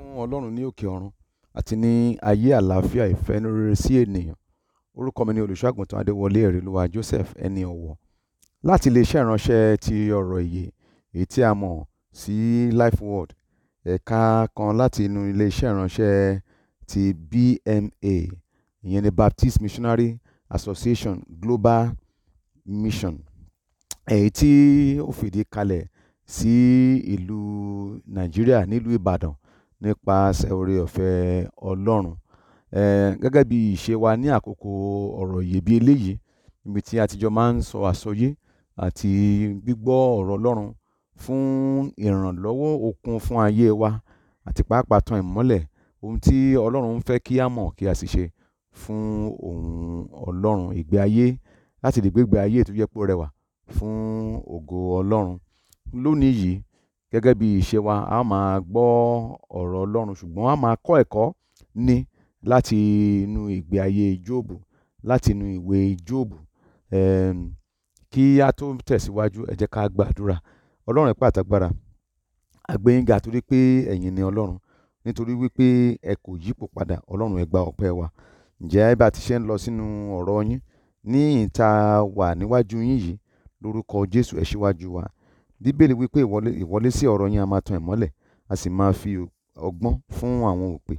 fún Ọlọ́run ní òkè ọ̀run àti ní ayé àlàáfíà ìfẹ́ inú rere sí ènìyàn orúkọ mi ni olùṣọ́àgùntàn adéwọlé ẹ̀rìlúwà Joseph ẹni ọ̀wọ̀ láti iléeṣẹ́ ìránṣẹ́ ti ọ̀rọ̀ ìyè èyí tí a mọ̀ sí Life Word ẹ̀ka kan láti inú iléeṣẹ́ ìránṣẹ́ ti BMA ìyẹn ni Baptist Missionary Association Global Mission èyí tí ó fìdí kalẹ̀ sí ìlú Nàìjíríà nílùú Ìbàdàn nípasẹ̀ oore-ọ̀fẹ́ Ọlọ́run. Eh, gẹ́gẹ́ bí ìṣe wa ní àkókò ọ̀rọ̀ ìyèbí eléyìí, níbi tí a ti jọ máa ń sọ àsọyé àti gbígbọ́ ọ̀rọ̀ Ọlọ́run fún ìrànlọ́wọ́ okun fún ayé wa àti pàápàá tan ìmọ́lẹ̀ ohun tí Ọlọ́run ń fẹ́ kí a mọ̀ kí a sì ṣe fún ohun Ọlọ́run ìgbé ayé láti lè gbé ayé tó rẹwà fún ògo Ọlọ́run. Lónìí yìí, gẹ́gẹ́ bí ìṣe wa a máa gbọ́ ọ̀rọ̀ Ọlọ́run ṣùgbọ́n a máa kọ́ ẹ̀kọ́ ní láti inú ìgbé ayé Jóòbù láti inú ìwé Jóòbù kí a tó tẹ̀síwájú ẹ ká gbàdúrà Ọlọ́run ẹ̀pẹ́ àtàgbára ga torí pé ni Ọlọ́run nítorí wípé ẹ kò yípo padà Ọlọ́run ẹ gba ọpẹ́ wa ǹjẹ́ bá a ti ṣe ń lọ sínú ọ̀rọ̀ yín ní ìta wà níwájú yín yìí lórúkọ Jésù bíbélì wípé ìwọlé, ìwọlé sí ọ̀rọ̀ yín a máa tan ìmọ́lẹ̀, a sì máa fi ọgbọ́n fún àwọn òpè.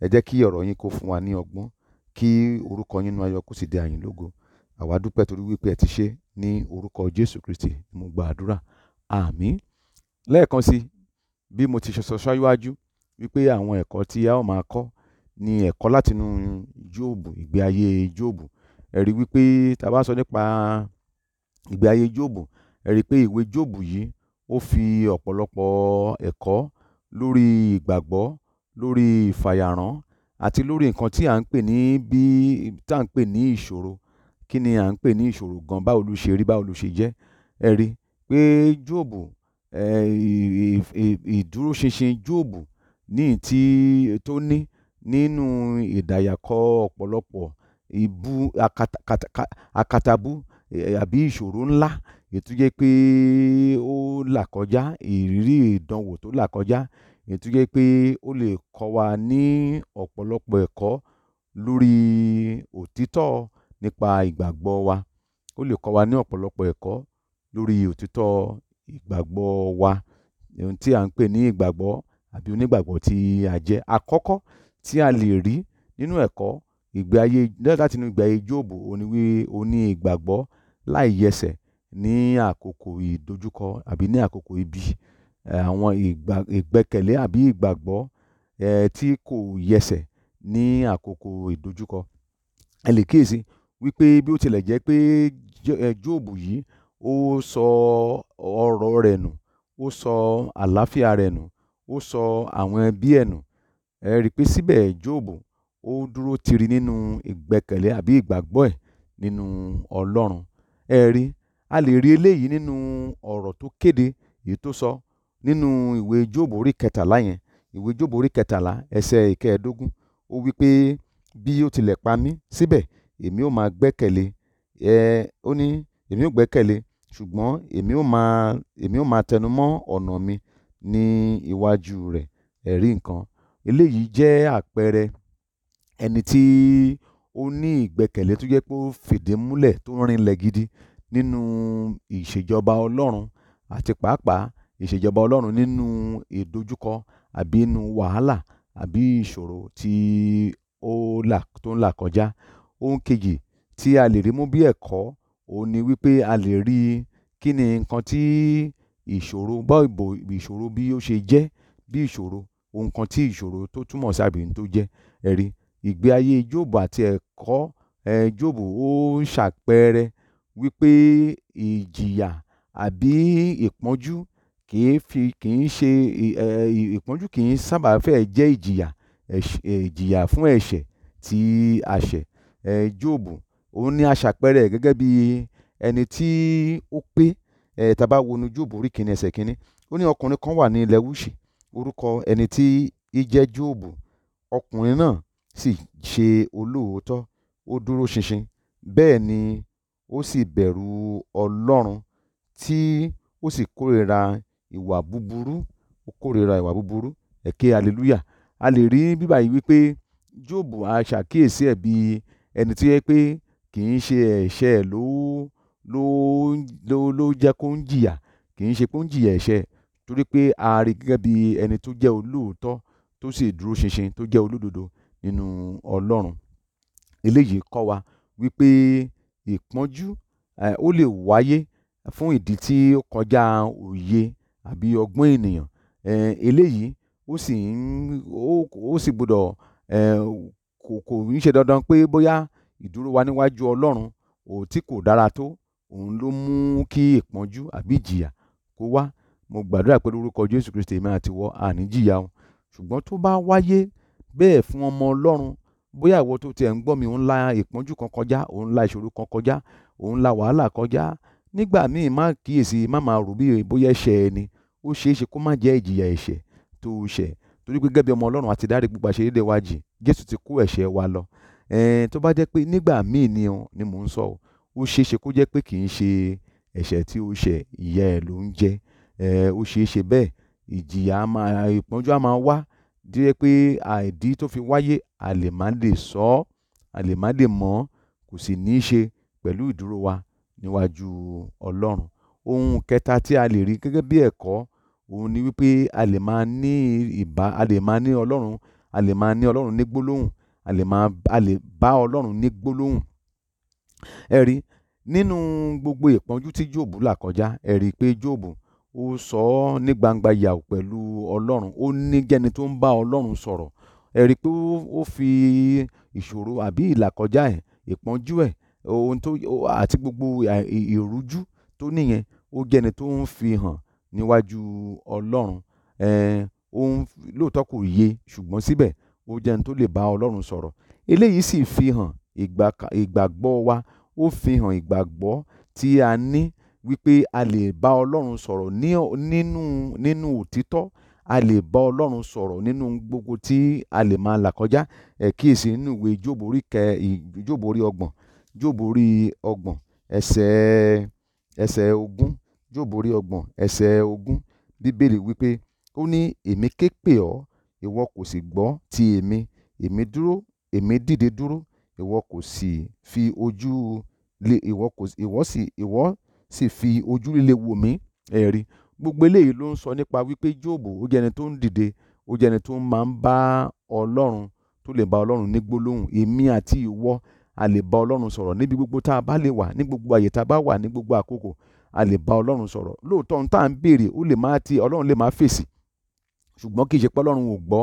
Ẹ jẹ́ kí ọ̀rọ̀ yín kó fún wa ní ọgbọ́n, kí orúkọ yín nínú ayọ̀ kó sì di àyìn lógo. Àwa dúpẹ́ torí wípé ẹ ti ṣe ní orúkọ Jésù Kristi. Mo gba àdúrà. Àmín. Lẹ́ẹ̀kan sí, bí mo ti ṣe sọ ṣáájú wípé àwọn ẹ̀kọ́ tí a ó máa kọ́ ni ẹ̀kọ́ látinú Jóòbù, ìgbé ayé Jóòbù. Ẹ rí i wípé tí a bá sọ nípa ìgbé ayé Jóòbù, ẹ rí i pé ìwé jóòbù yìí ó fi ọ̀pọ̀lọpọ̀ ẹ̀kọ́ lórí ìgbàgbọ́ lórí ìfàyàrán àti lórí nǹkan tí à ń pè ní bí tá à ń pè ní ìṣòro kí ni à ń pè ní ìṣòro gan báwo ló ṣe rí báwo ló ṣe jẹ́ ẹ rí i pé jóòbù ìdúróṣinṣin jóòbù ní tí tó ní nínú ìdàyàkọ ọ̀pọ̀lọpọ̀ ìbú akatabú àbí ìṣòro ńlá èyí tó jẹ́ pé ó là kọjá ìrírí ìdánwò tó là kọjá èyí pé ó lè kọ́ wa ní ọ̀pọ̀lọpọ̀ ẹ̀kọ́ lórí òtítọ́ nípa ìgbàgbọ́ wa ó lè kọ́ wa ní ọ̀pọ̀lọpọ̀ ẹ̀kọ́ lórí òtítọ́ ìgbàgbọ́ wa ohun tí à ń pè ní ìgbàgbọ́ àbí onígbàgbọ́ tí a jẹ́ àkọ́kọ́ tí a lè rí nínú ẹ̀kọ́ ìgbé ayé látinú ìgbé ayé Jóòbù òní ìgbàgbọ́ láì yẹsẹ̀ ní àkókò ìdojúkọ àbí ní àkókò ibi. Àwọn ìgbà ìgbẹ́kẹ̀lé àbí ìgbàgbọ́ eh tí kò yẹsẹ̀ ní àkókò ìdojúkọ. Ẹ lè kíyèsi wípé bí ó tilẹ̀ jẹ́ pé Jóòbù yìí ó sọ ọrọ̀ rẹ̀ nù, ó sọ àlàáfíà rẹ̀ nù, ó sọ àwọn ẹbí ẹ nù. Ẹ rí pé síbẹ̀ Jóòbù ó dúró tiri nínú ìgbẹ́kẹ̀lé àbí ìgbàgbọ́ ẹ̀ nínú Ọlọ́run. Ẹ rí a lè rí eléyìí nínú ọ̀rọ̀ tó kéde èyí tó sọ nínú ìwé Jóòbù orí kẹtàlá yẹn ìwé Jóòbù orí kẹtàlá ẹsẹ̀ ìkẹẹ̀ẹ́dógún ó wí pé bí ó tilẹ̀ pa mí síbẹ̀ èmi ó máa gbẹ́kẹ̀lé ẹ ó ní èmi ó gbẹ́kẹ̀lé ṣùgbọ́n èmi ó máa èmi ó máa tẹnu mọ́ ọ̀nà mi ní iwájú rẹ̀ ẹ̀rí nǹkan eléyìí jẹ́ àpẹẹrẹ ẹni tí ó ní ìgbẹ́kẹ̀lé tó jẹ́ pé ó fìdí múlẹ̀ tó rinlẹ̀ gidi nínú ìṣèjọba ọlọ́run àti pàápàá ìṣèjọba ọlọ́run nínú ìdojúkọ àbí nínú wàhálà àbí ìṣòro tí ó là tó ń là kọjá. Ohun kejì tí a lè rí mú bí ẹ̀kọ́ òhun ni wípé a lè rí i kí ni nǹkan tí ìṣòro báwo ìṣòro bí ó ṣe jẹ́ bí ìṣòro ohun kan tí ìṣòro tó túmọ̀ sí àbí tó jẹ́ ẹ ìgbé ayé Jóòbù àti ẹ̀kọ́ um Jóòbù ó ń ṣàpẹẹrẹ wí pé ìjìyà àbí ìpọ́njú kì í fi kì í ṣe ìpọ́njú kì í sábà fẹ́ẹ̀ jẹ́ ìjìyà ìjìyà fún ẹ̀ṣẹ̀ tí a ṣẹ̀. Jóòbù òun ni a ṣàpẹẹrẹ rẹ̀ gẹ́gẹ́ bí ẹni tí ó pé tá a bá Jóòbù orí kìíní ẹsẹ̀ kìíní ó ní ọkùnrin kan wà ní ilẹ̀ Wúṣì orúkọ ẹni tí í jẹ́ Jóòbù ọkùnrin náà sì ṣe olóòótọ́ ó dúró ṣinṣin bẹ́ẹ̀ ni ó sì bẹ̀rù ọlọ́run tí ó sì kórìíra ìwà búburú ó kórìíra ìwà búburú ẹ hallelujah a lè rí bí báyìí wípé jóòbù a ṣàkíyèsí ẹ̀ bí ẹni tí ó yẹ pé kì í ṣe ẹ̀ṣẹ̀ ẹ̀ ló ló ló ló jẹ́ kó ń jìyà kì í ṣe kó ń jìyà ẹ̀ṣẹ̀ torí pé a rí gẹ́gẹ́ bí ẹni tó jẹ́ olóòótọ́ tó sì dúró ṣinṣin tó jẹ́ olódodo nínú ọlọ́run eléyìí kọ́ wa wípé ìpọ́njú um ó lè wáyé fún ìdí tí ó kọjá òye àbí ọgbọ́n ènìyàn um eléyìí ó sì ń ó sì gbọ́dọ̀ um kò kò ń ṣe dandan pé bóyá ìdúró wa níwájú ọlọ́run ò tí kò dára tó òun ló mú kí ìpọ́njú àbí ìjìyà kó wá mo gbàdúrà pé lórúkọ jésù kristi èmi àti ìwọ àní o ṣùgbọ́n tó bá wáyé bẹ́ẹ̀ fún ọmọ ọlọ́run bóyá ìwọ tó tiẹ̀ ń gbọ́ mi ò ń la ìpọ́njú kan kọjá ò ń la ìṣòro kan kọjá ò ń la wàhálà kọjá nígbà míì má kíyèsí má máa rò bí bóyá ẹ̀ṣẹ̀ ẹ ni ó ṣeé ṣe kó má jẹ́ ìjìyà ẹ̀ṣẹ̀ tó o ṣẹ̀ torí pé gẹ́gẹ́ bí ọmọ ọlọ́run àti dárí gbogbo àṣeyédè wa jì jésù ti kó ẹ̀ṣẹ̀ wa lọ tó bá jẹ́ pé nígbà míì ni ni mò ń sọ o ó ṣeé ṣe kó jẹ́ pé kì í ṣe ẹ̀ṣẹ̀ tí ó ṣẹ̀ ìyà ẹ̀ ló ń jẹ́ ó ṣeé ṣe bẹ́ẹ̀ ìjìyà ìpọ́njú á máa wá díẹ̀ pé àìdí tó fi wáyé a lè má lè sọ ọ́ a lè má kò sì ní í ṣe pẹ̀lú ìdúró wa níwájú Ọlọ́run ohun kẹta tí a lè rí gẹ́gẹ́ bí ẹ̀kọ́ òun ni wípé a lè máa ní ìbá a lè máa ní Ọlọ́run a lè máa ní Ọlọ́run ní gbólóhùn a lè máa a lè bá Ọlọ́run ní gbólóhùn ẹ nínú gbogbo ìpọ́njú tí Jóòbù là kọjá ẹ pé Jóòbù ó sọ ọ́ ní gbangba yàwó pẹ̀lú ọlọ́run ó ní jẹ́ni tó ń bá ọlọ́run sọ̀rọ̀ ẹ rí i pé ó fi ìṣòro àbí ìlàkọjá ẹ̀ ìpọ́njú ẹ̀ ohun tó àti gbogbo ìrújú tó nìyẹn ó jẹ́ni tó ń fi hàn níwájú ọlọ́run ohun lóòótọ́ kò yé ṣùgbọ́n síbẹ̀ ó jẹ́ni tó lè bá ọlọ́run sọ̀rọ̀ eléyìí sì fi hàn ìgbàgbọ́ wa ó fi hàn ìgbàgbọ́ tí a ní wípé a lè bá Ọlọ́run sọ̀rọ̀ nínú nínú òtítọ́ a lè bá Ọlọ́run sọ̀rọ̀ nínú gbogbo tí a lè máa là kọjá ẹ kíyèsí nínú ìwé Jóòbù orí kẹ Jóòbù orí ọgbọ̀n Jóòbù orí ọgbọ̀n ẹsẹ̀ ẹsẹ̀ ogún Jóòbù orí ọgbọ̀n ẹsẹ̀ ogún Bíbélì wípé ó ní èmi ké ọ́ ìwọ kò sì gbọ́ ti èmi èmi dúró èmi dìde dúró ìwọ kò sì fi ojú lé ìwọ kò ìwọ sì ìwọ sì fi ojú líle wò mí ẹ̀rí gbogbo eléyìí ló ń sọ nípa wípé Jóòbù ó jẹ́ ẹni tó ń dìde ó jẹ́ ẹni tó máa ń bá Ọlọ́run tó lè bá Ọlọ́run ní gbólóhùn èmi àti ìwọ a lè bá Ọlọ́run sọ̀rọ̀ níbi gbogbo tá a bá lè wà ní gbogbo àyè tá a bá wà ní gbogbo àkókò a lè bá Ọlọ́run sọ̀rọ̀ lóòótọ́ ohun tá à ń béèrè ó lè má ti Ọlọ́run lè má fèsì ṣùgbọ́n kì í ṣe pé Ọlọ́run ò gbọ́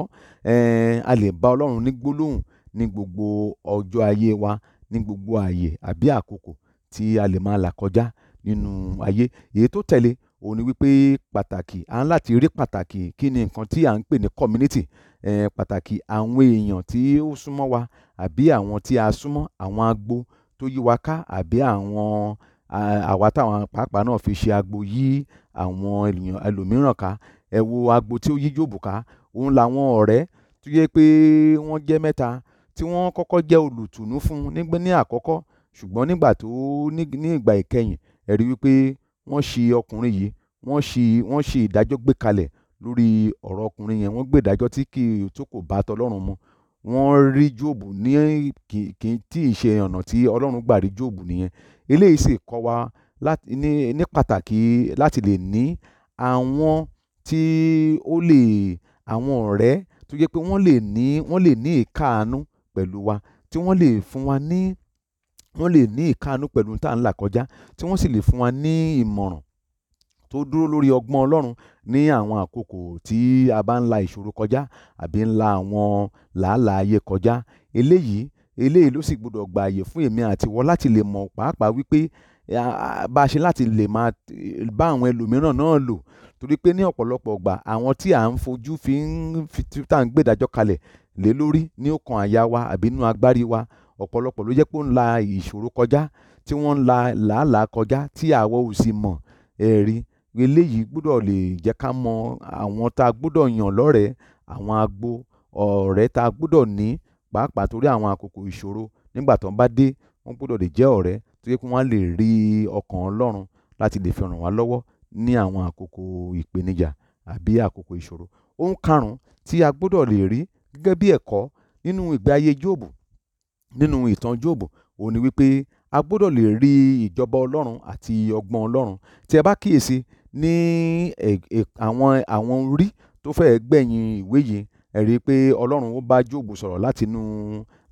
a lè bá Ọlọ́run ní gbólóhùn ní gbogbo ọjọ́ ayé wa ní gbogbo àyè àbí àkókò tí a lè máa là kọjá nínú ayé èyí tó tẹ̀lé òun ni wípé pàtàkì à ń láti rí pàtàkì kí ni nǹkan tí à ń pè ní community eh, pàtàkì àwọn èèyàn tí ó súnmọ́ wa àbí àwọn tí a súnmọ́ àwọn agbo tó yí wa ká àbí àwọn àwa táwọn pàápàá náà fi ṣe agbo yí àwọn ènìyàn ẹlòmíràn ká ẹ wo agbo tí ó yí Jóòbù ká òun làwọn ọ̀rẹ́ tó yẹ pé wọ́n jẹ́ mẹ́ta tí wọ́n kọ́kọ́ jẹ́ olùtùnú fún ní àkọ́kọ́ ṣùgbọ́n nígbà tó ní ìgbà ìkẹyìn ẹ rí i wípé wọ́n ṣi ọkùnrin yìí wọ́n ṣi wọ́n ṣe ìdájọ́ gbé kalẹ̀ lórí ọ̀rọ̀ ọkùnrin yẹn wọ́n gbé ìdájọ́ tí kì í tó kò bá tọlọ́run mu wọ́n rí Jóòbù ní kì í tí ì ṣe ọ̀nà tí Ọlọ́run gbà rí Jóòbù nìyẹn eléyìí sì kọ́ wa ní pàtàkì láti lè ní àwọn tí ó lè àwọn ọ̀rẹ́ tó jẹ́ pé wọ́n lè ní wọ́n lè ní ìkáàánú pẹ̀lú wa tí wọ́n lè fún wa ní wọ́n lè ní ìkáàánú pẹ̀lú tá à ń là kọjá tí wọ́n sì lè fún wa ní ìmọ̀ràn tó dúró lórí ọgbọ́n ọlọ́run ní àwọn àkókò tí a bá ń la ìṣòro kọjá àbí ń la àwọn làálàá ayé kọjá eléyìí eléyìí ló sì gbọdọ̀ gba àyè fún èmi àti wọ́n láti lè mọ̀ pàápàá wípé bá a ṣe láti lè máa bá àwọn ẹlòmíràn náà lò torí pé ní ọ̀pọ̀lọpọ̀ ọgbà àwọn tí à ń fojú fi ń fi tá à ń gbèdájọ́ kalẹ̀ lé lórí ní ọkàn àyà wa àbí inú agbárí wa ọ̀pọ̀lọpọ̀ ló jẹ́ pé ó ń la ìṣòro kọjá tí wọ́n ń la làálàá kọjá tí àwa ò sì mọ̀ ẹ̀rí eléyìí gbọ́dọ̀ lè jẹ́ ká mọ àwọn tá a gbọ́dọ̀ yàn lọ́rẹ̀ẹ́ àwọn agbo ọ̀rẹ́ tá a gbọ́dọ̀ ní pàápàá torí àwọn àkókò ìṣòro nígbà tó ń bá dé wọ́n gbọ́dọ̀ lè jẹ́ ọ̀rẹ́ tó yẹ kí wọ́n lè rí ọkàn Ọlọ́run láti lè fi ràn wá lọ́wọ́ ní àwọn àkókò ìpèníjà àbí àkókò ìṣòro ohun karùn-ún tí a gbọ́dọ̀ lè rí gẹ́gẹ́ bí ẹ̀kọ́ nínú ìgbé ayé Jóòbù nínú ìtàn Jóòbù òun ni wípé a gbọ́dọ̀ lè rí ìjọba ọlọ́run àti ọgbọ́n ọlọ́run tí ẹ bá kíyèsí ní àwọn àwọn orí tó fẹ́ẹ́ gbẹ̀yìn ìwé yìí ẹ rí i pé ọlọ́run ó bá Jóòbù sọ̀rọ̀ látinú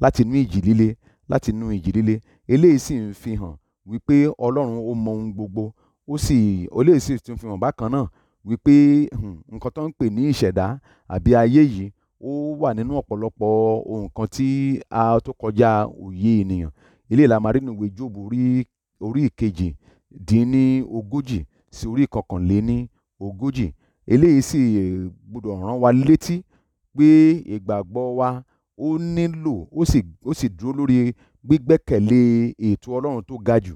látinú ìjì líle látinú ìjì líle eléyìí sì ń fi hàn wípé ọlọ́run ó mọ ohun gbogbo ó sì eléyìí sì tún fi hàn bákan náà wípé nǹkan tó ń pè ní ìṣẹ̀dá àbí ayé yìí ó wà nínú ọ̀pọ̀lọpọ̀ nǹkan tí a tó kọjá òye ènìyàn eléyìí la máa rí nínú ìwé Jóòbù orí orí ìkejì dín ní ogójì sí orí ìkọkànléní ogójì eléyìí sì gbọ́dọ̀ rán wa létí pé ìgbàgbọ́ wa ó nílò ó sì ó sì dúró lórí gbígbẹ́kẹ̀lé ètò Ọlọ́run tó ga jù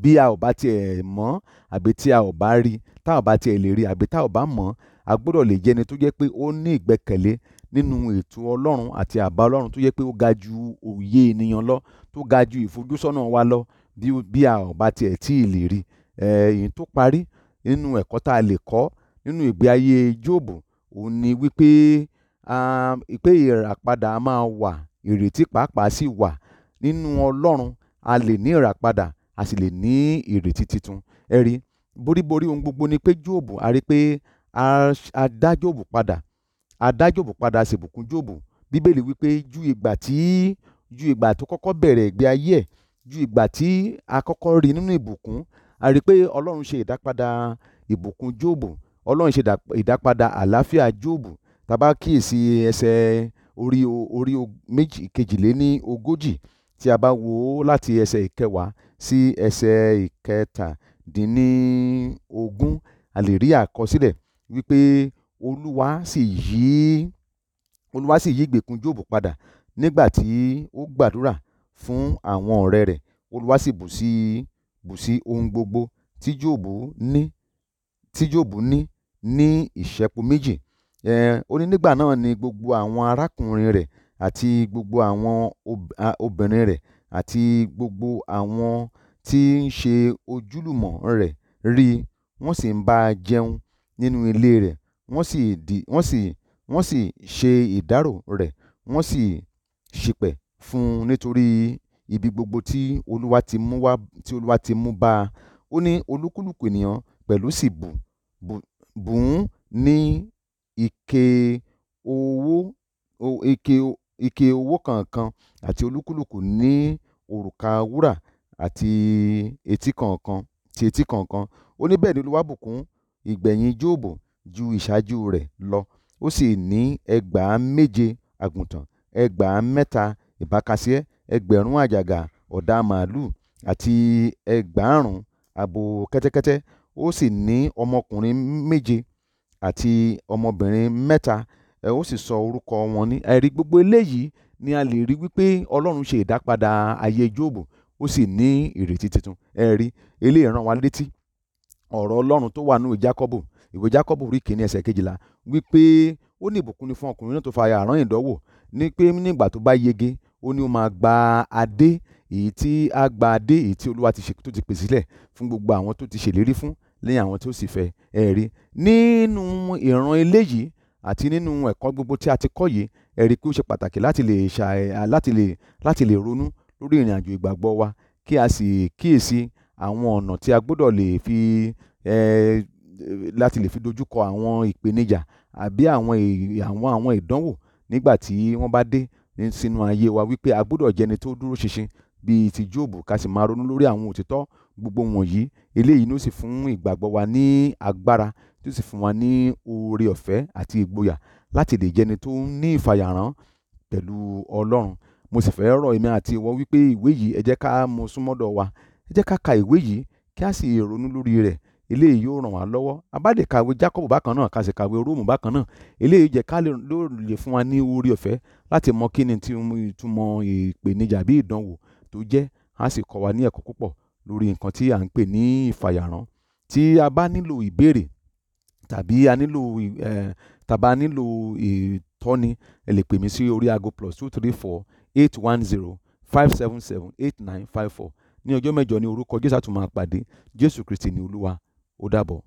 bí a ò bá tiẹ̀ mọ̀ àbí tí a ò bá rí tá ò bá tiẹ̀ lè rí àbí tá ò bá mọ̀ a gbọ́dọ̀ lè jẹ́ ẹni tó jẹ́ pé ó ní ìgbẹ́kẹ̀lé nínú ètò ọlọ́run àti àbá ọlọ́run tó jẹ́ pé ó ga ju òye ènìyàn lọ tó ga ju ìfojúsọ́nà wa lọ bí bí a ò bá tiẹ̀ tí ì lè rí èyí tó parí nínú ẹ̀kọ́ tá a lè kọ́ nínú ìgbé ayé jóòbù òun ni wípé pé ìràpadà máa wà ìrètí pàápàá sì wà nínú ọlọ́run a lè ní ìràpadà a sì lè ní ìrètí titun ẹ boríborí ohun gbogbo ni pé jóòbù a rí pé a dá jóòbù padà a dá jóòbù padà a sì bùkún jóòbù bíbélì wípé ju ìgbà tí ju ìgbà tó kọ́kọ́ bẹ̀rẹ̀ ìgbé ayé ẹ̀ ju ìgbà tí a kọ́kọ́ rí nínú ìbùkún a rí i pé ọlọ́run ṣe ìdápadà ìbùkún jóòbù ọlọ́run ṣe ìdápadà àlàáfíà jóòbù tàbá kíyèsí ẹsẹ̀ orí orí méjì kejìléní ogójì tí a bá wò láti ẹsẹ̀ ìkẹwàá sí ẹsẹ̀ ìkẹtàdínní ogún a lè rí àkọsílẹ̀ wípé olúwa sì yí olúwa sì yí ìgbèkùn jóòbù padà nígbà tí ó gbàdúrà fún àwọn ọ̀rẹ́ rẹ̀ olúwa sì bù sí bù sí ohun gbogbo tí jóòbù ní tí jóòbù ní ní ìṣẹ́po méjì ó ní nígbà náà ni gbogbo àwọn arákùnrin rẹ̀ àti gbogbo àwọn obìnrin rẹ̀ àti gbogbo àwọn tí ń ṣe ojúlùmọ̀ rẹ̀ rí wọ́n sì ń bá a jẹun nínú ilé rẹ̀ wọ́n sì ṣe ìdárò rẹ̀ wọ́n sì ṣìpẹ̀ fún un nítorí ibi gbogbo tí olúwa ti mú bá a ó ní olúkúlùkù ènìyàn pẹ̀lú sì bù ún ní ike owó kọ̀ọ̀kan àti olúkúlùkù ní òrùka wúrà àti etí kọ̀ọ̀kan ó ní bẹ́ẹ̀ ni olúwa bùkún ìgbẹ̀yìn jóòbù ju ìṣáájú rẹ̀ lọ ó sì ní ẹgbàá méje àgùntàn ẹgbàá mẹ́ta ìbákasíẹ́ ẹgbẹ̀rún àjàgà ọ̀dà màálù àti ẹgbàárùn abo kẹ́tẹ́kẹ́tẹ́ ó sì ní ọmọkùnrin méje àti ọmọbìnrin mẹ́ta ó sì sọ orúkọ wọn ní ẹ̀rí gbogbo eléyìí ni a lè rí wípé ọlọ́run ṣe ìdápadà ayé jóòbù ó sì ní ìrètí tuntun ẹ̀rí eléyìí rán wa létí ọ̀rọ̀ ọlọ́run tó wà nínú Jákọ́bù ìwé Jákọ́bù rí kìíní ẹsẹ̀ kejìlá wípé ó ní ìbùkún ni fún ọkùnrin náà tó fa àrán ìdánwò ní pé nígbà tó bá yege ó ní ó máa gba adé èyí tí a gba adé èyí tí olúwa ti ṣe tó ti pèsè sílẹ̀ fún gbogbo àwọn tó ti ṣèlérí fún lẹ́yìn àwọn tó sì fẹ́ ẹ rí nínú ìran eléyìí àti nínú ẹ̀kọ́ gbogbo tí a ti kọ́ yìí ẹ rí pé ó ṣe pàtàkì láti lè ṣà láti lè láti lè ronú lórí ìrìn àjò ìgbàgbọ́ wa kí a sì kíyèsí àwọn ọ̀nà tí a gbọ́dọ̀ lè fi um láti lè fi dojú kọ àwọn ìpèníjà àbí àwọn àwọn àwọn ìdánwò nígbà tí wọ́n bá dé sínú ayé wa wípé a gbọ́dọ̀ jẹ́ ẹni tó dúró ṣinṣin bíi ti Jóòbù ká sì máa ronú lórí àwọn òtítọ́ gbogbo wọ̀nyí eléyìí ni ó sì fún ìgbàgbọ́ wa ní agbára tí ó sì fún wa ní oore ọ̀fẹ́ àti ìgboyà láti lè jẹ́ ẹni tó ń ní ìfàyàrán pẹ̀lú Ọlọ́run mo sì fẹ́ rọ̀ èmi àti ìwọ wípé ìwé yìí ẹ jẹ́ ká mú súnmọ́dọ̀ wa jẹ́ ká ka ìwé yìí kí a sì ronú lórí rẹ̀ eléyìí yóò ràn wá lọ́wọ́ abáde kàwé Jacob bákan náà ká sì kàwé Róòmù bákan náà eléyìí jẹ́ ká lè fún wa ní orí ọ̀fẹ́ láti mọ kí ni ìtumọ̀ ìpèníjà bí ìdánwò tó jẹ́ a sì kọ́ wa ní ẹ̀kọ́ púpọ̀ lórí nǹkan tí à ń pè ní ìfàyàrán tí a bá nílò ìbéèrè tàbí a nílò tàbá nílò ìtọ́ni ẹ lè pè mí sí orí aago plus two three four eight one zero five seven seven eight nine five four ní ọjọ́ mẹ́jọ ní orúkọ Jésù àtúmọ̀ àpàdé Jésù Kristi ní Olúwa ó dàbọ̀.